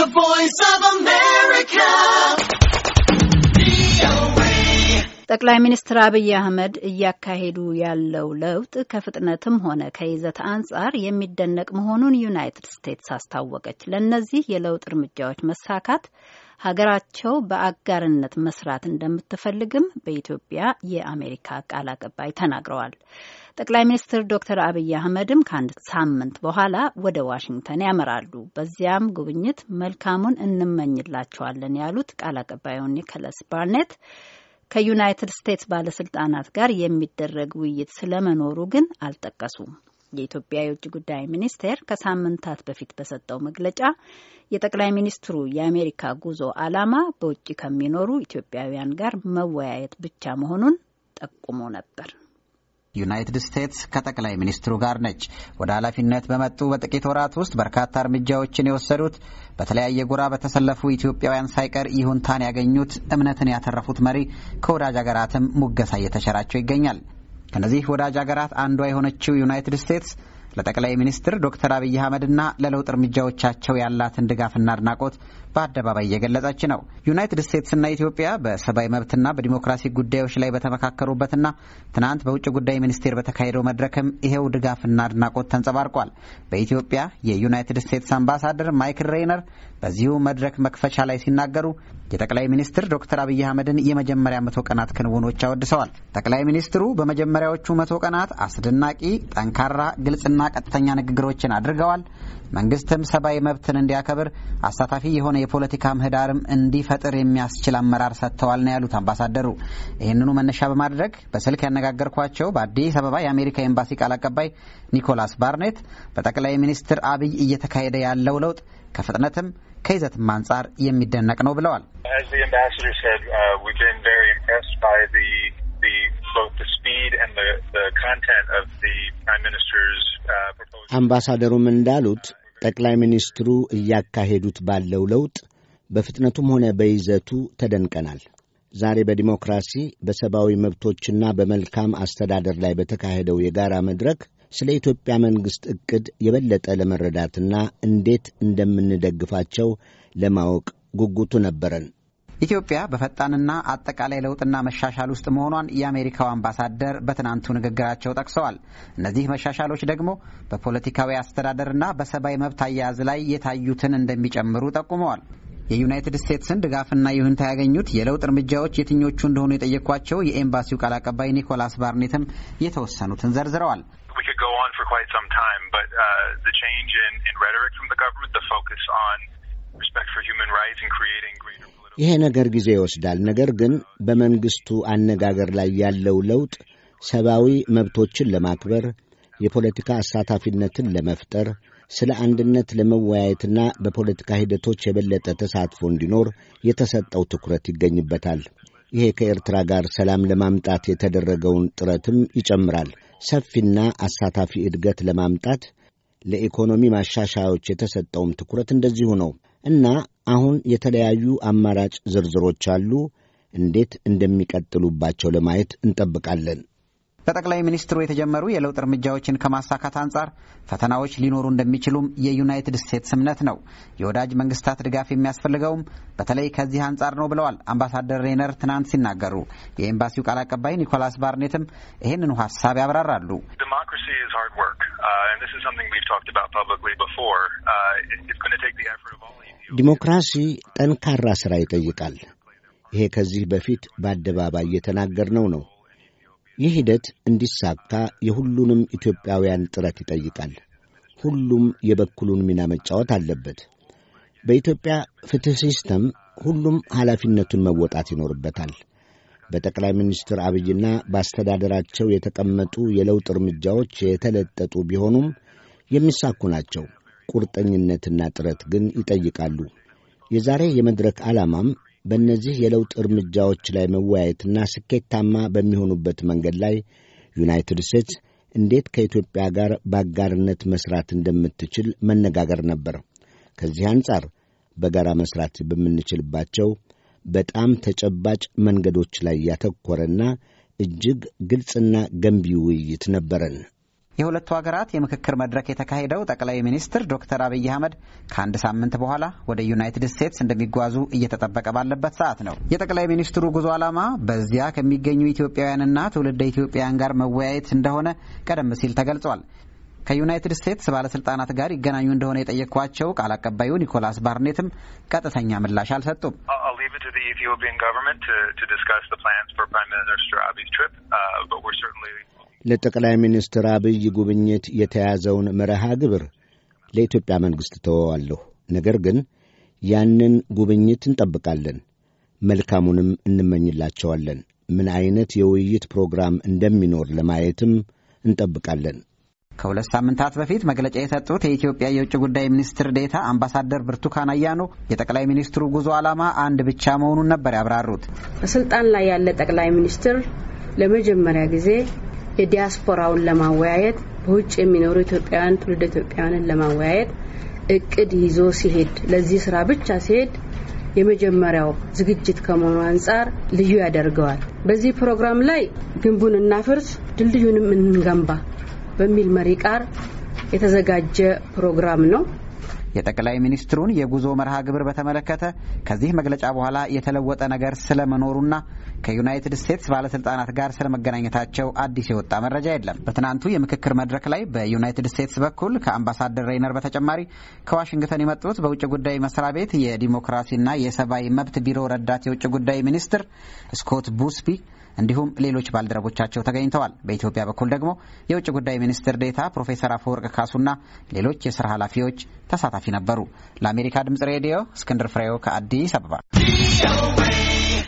The Voice of man. ጠቅላይ ሚኒስትር አብይ አህመድ እያካሄዱ ያለው ለውጥ ከፍጥነትም ሆነ ከይዘት አንጻር የሚደነቅ መሆኑን ዩናይትድ ስቴትስ አስታወቀች። ለእነዚህ የለውጥ እርምጃዎች መሳካት ሀገራቸው በአጋርነት መስራት እንደምትፈልግም በኢትዮጵያ የአሜሪካ ቃል አቀባይ ተናግረዋል። ጠቅላይ ሚኒስትር ዶክተር አብይ አህመድም ከአንድ ሳምንት በኋላ ወደ ዋሽንግተን ያመራሉ። በዚያም ጉብኝት መልካሙን እንመኝላቸዋለን ያሉት ቃል አቀባዩ ኒኮለስ ባርኔት ከዩናይትድ ስቴትስ ባለስልጣናት ጋር የሚደረግ ውይይት ስለመኖሩ ግን አልጠቀሱም። የኢትዮጵያ የውጭ ጉዳይ ሚኒስቴር ከሳምንታት በፊት በሰጠው መግለጫ የጠቅላይ ሚኒስትሩ የአሜሪካ ጉዞ ዓላማ በውጭ ከሚኖሩ ኢትዮጵያውያን ጋር መወያየት ብቻ መሆኑን ጠቁሞ ነበር። ዩናይትድ ስቴትስ ከጠቅላይ ሚኒስትሩ ጋር ነች። ወደ ኃላፊነት በመጡ በጥቂት ወራት ውስጥ በርካታ እርምጃዎችን የወሰዱት በተለያየ ጉራ በተሰለፉ ኢትዮጵያውያን ሳይቀር ይሁንታን ያገኙት እምነትን ያተረፉት መሪ ከወዳጅ ሀገራትም ሙገሳ እየተቸራቸው ይገኛል። ከነዚህ ወዳጅ ሀገራት አንዷ የሆነችው ዩናይትድ ስቴትስ ለጠቅላይ ሚኒስትር ዶክተር አብይ አህመድና ለለውጥ እርምጃዎቻቸው ያላትን ድጋፍና አድናቆት በአደባባይ እየገለጸች ነው። ዩናይትድ ስቴትስና ኢትዮጵያ በሰብአዊ መብትና በዲሞክራሲ ጉዳዮች ላይ በተመካከሩበትና ትናንት በውጭ ጉዳይ ሚኒስቴር በተካሄደው መድረክም ይሄው ድጋፍና አድናቆት ተንጸባርቋል። በኢትዮጵያ የዩናይትድ ስቴትስ አምባሳደር ማይክል ሬይነር በዚሁ መድረክ መክፈቻ ላይ ሲናገሩ የጠቅላይ ሚኒስትር ዶክተር አብይ አህመድን የመጀመሪያ መቶ ቀናት ክንውኖች አወድሰዋል። ጠቅላይ ሚኒስትሩ በመጀመሪያዎቹ መቶ ቀናት አስደናቂ፣ ጠንካራ፣ ግልጽና ቀጥተኛ ንግግሮችን አድርገዋል። መንግስትም ሰብአዊ መብትን እንዲያከብር አሳታፊ የሆነ የፖለቲካ ምህዳርም እንዲፈጥር የሚያስችል አመራር ሰጥተዋል ነው ያሉት አምባሳደሩ። ይህንኑ መነሻ በማድረግ በስልክ ያነጋገርኳቸው በአዲስ አበባ የአሜሪካ ኤምባሲ ቃል አቀባይ ኒኮላስ ባርኔት በጠቅላይ ሚኒስትር አብይ እየተካሄደ ያለው ለውጥ ከፍጥነትም ከይዘትም አንጻር የሚደነቅ ነው ብለዋል። Uh, አምባሳደሩም እንዳሉት ጠቅላይ ሚኒስትሩ እያካሄዱት ባለው ለውጥ በፍጥነቱም ሆነ በይዘቱ ተደንቀናል። ዛሬ በዲሞክራሲ በሰብአዊ መብቶችና በመልካም አስተዳደር ላይ በተካሄደው የጋራ መድረክ ስለ ኢትዮጵያ መንግሥት ዕቅድ የበለጠ ለመረዳትና እንዴት እንደምንደግፋቸው ለማወቅ ጉጉቱ ነበረን። ኢትዮጵያ በፈጣንና አጠቃላይ ለውጥና መሻሻል ውስጥ መሆኗን የአሜሪካው አምባሳደር በትናንቱ ንግግራቸው ጠቅሰዋል። እነዚህ መሻሻሎች ደግሞ በፖለቲካዊ አስተዳደርና በሰብአዊ መብት አያያዝ ላይ የታዩትን እንደሚጨምሩ ጠቁመዋል። የዩናይትድ ስቴትስን ድጋፍና ይሁንታ ያገኙት የለውጥ እርምጃዎች የትኞቹ እንደሆኑ የጠየኳቸው የኤምባሲው ቃል አቀባይ ኒኮላስ ባርኔትም የተወሰኑትን ዘርዝረዋል። ይሄ ነገር ጊዜ ይወስዳል። ነገር ግን በመንግሥቱ አነጋገር ላይ ያለው ለውጥ ሰብአዊ መብቶችን ለማክበር የፖለቲካ አሳታፊነትን ለመፍጠር ስለ አንድነት ለመወያየትና በፖለቲካ ሂደቶች የበለጠ ተሳትፎ እንዲኖር የተሰጠው ትኩረት ይገኝበታል። ይሄ ከኤርትራ ጋር ሰላም ለማምጣት የተደረገውን ጥረትም ይጨምራል። ሰፊና አሳታፊ እድገት ለማምጣት ለኢኮኖሚ ማሻሻያዎች የተሰጠውም ትኩረት እንደዚሁ ነው። እና አሁን የተለያዩ አማራጭ ዝርዝሮች አሉ። እንዴት እንደሚቀጥሉባቸው ለማየት እንጠብቃለን። በጠቅላይ ሚኒስትሩ የተጀመሩ የለውጥ እርምጃዎችን ከማሳካት አንጻር ፈተናዎች ሊኖሩ እንደሚችሉም የዩናይትድ ስቴትስ እምነት ነው። የወዳጅ መንግስታት ድጋፍ የሚያስፈልገውም በተለይ ከዚህ አንጻር ነው ብለዋል አምባሳደር ሬነር ትናንት ሲናገሩ። የኤምባሲው ቃል አቀባይ ኒኮላስ ባርኔትም ይህንኑ ሀሳብ ያብራራሉ። ዲሞክራሲ ጠንካራ ሥራ ይጠይቃል። ይሄ ከዚህ በፊት በአደባባይ የተናገርነው ነው። ይህ ሂደት እንዲሳካ የሁሉንም ኢትዮጵያውያን ጥረት ይጠይቃል። ሁሉም የበኩሉን ሚና መጫወት አለበት። በኢትዮጵያ ፍትሕ ሲስተም ሁሉም ኃላፊነቱን መወጣት ይኖርበታል። በጠቅላይ ሚኒስትር አብይና በአስተዳደራቸው የተቀመጡ የለውጥ እርምጃዎች የተለጠጡ ቢሆኑም የሚሳኩ ናቸው። ቁርጠኝነትና ጥረት ግን ይጠይቃሉ። የዛሬ የመድረክ ዓላማም በእነዚህ የለውጥ እርምጃዎች ላይ መወያየትና ስኬታማ በሚሆኑበት መንገድ ላይ ዩናይትድ ስቴትስ እንዴት ከኢትዮጵያ ጋር በአጋርነት መስራት እንደምትችል መነጋገር ነበር። ከዚህ አንጻር በጋራ መስራት በምንችልባቸው በጣም ተጨባጭ መንገዶች ላይ ያተኮረና እጅግ ግልጽና ገንቢ ውይይት ነበረን። የሁለቱ ሀገራት የምክክር መድረክ የተካሄደው ጠቅላይ ሚኒስትር ዶክተር አብይ አህመድ ከአንድ ሳምንት በኋላ ወደ ዩናይትድ ስቴትስ እንደሚጓዙ እየተጠበቀ ባለበት ሰዓት ነው። የጠቅላይ ሚኒስትሩ ጉዞ ዓላማ በዚያ ከሚገኙ ኢትዮጵያውያንና ትውልደ ኢትዮጵያውያን ጋር መወያየት እንደሆነ ቀደም ሲል ተገልጿል። ከዩናይትድ ስቴትስ ባለስልጣናት ጋር ይገናኙ እንደሆነ የጠየቅኳቸው ቃል አቀባዩ ኒኮላስ ባርኔትም ቀጥተኛ ምላሽ አልሰጡም። ለጠቅላይ ሚኒስትር አብይ ጉብኝት የተያዘውን መርሃ ግብር ለኢትዮጵያ መንግሥት ተወዋለሁ። ነገር ግን ያንን ጉብኝት እንጠብቃለን፣ መልካሙንም እንመኝላቸዋለን። ምን አይነት የውይይት ፕሮግራም እንደሚኖር ለማየትም እንጠብቃለን። ከሁለት ሳምንታት በፊት መግለጫ የሰጡት የኢትዮጵያ የውጭ ጉዳይ ሚኒስትር ዴታ አምባሳደር ብርቱካን አያኖ የጠቅላይ ሚኒስትሩ ጉዞ ዓላማ አንድ ብቻ መሆኑን ነበር ያብራሩት። በስልጣን ላይ ያለ ጠቅላይ ሚኒስትር ለመጀመሪያ ጊዜ የዲያስፖራውን ለማወያየት በውጭ የሚኖሩ ኢትዮጵያውያን ትውልድ ኢትዮጵያውያንን ለማወያየት እቅድ ይዞ ሲሄድ ለዚህ ስራ ብቻ ሲሄድ የመጀመሪያው ዝግጅት ከመሆኑ አንጻር ልዩ ያደርገዋል። በዚህ ፕሮግራም ላይ ግንቡን እናፍርስ ድልድዩንም እንገንባ በሚል መሪ ቃር የተዘጋጀ ፕሮግራም ነው። የጠቅላይ ሚኒስትሩን የጉዞ መርሃ ግብር በተመለከተ ከዚህ መግለጫ በኋላ የተለወጠ ነገር ስለመኖሩና ከዩናይትድ ስቴትስ ባለስልጣናት ጋር ስለመገናኘታቸው አዲስ የወጣ መረጃ የለም። በትናንቱ የምክክር መድረክ ላይ በዩናይትድ ስቴትስ በኩል ከአምባሳደር ሬይነር በተጨማሪ ከዋሽንግተን የመጡት በውጭ ጉዳይ መስሪያ ቤት የዲሞክራሲና የሰብአዊ መብት ቢሮ ረዳት የውጭ ጉዳይ ሚኒስትር ስኮት ቡስቢ እንዲሁም ሌሎች ባልደረቦቻቸው ተገኝተዋል። በኢትዮጵያ በኩል ደግሞ የውጭ ጉዳይ ሚኒስትር ዴታ ፕሮፌሰር አፈወርቅ ካሱና ሌሎች የስራ ኃላፊዎች ተሳታፊ ነበሩ። ለአሜሪካ ድምጽ ሬዲዮ እስክንድር ፍሬው ከአዲስ አበባ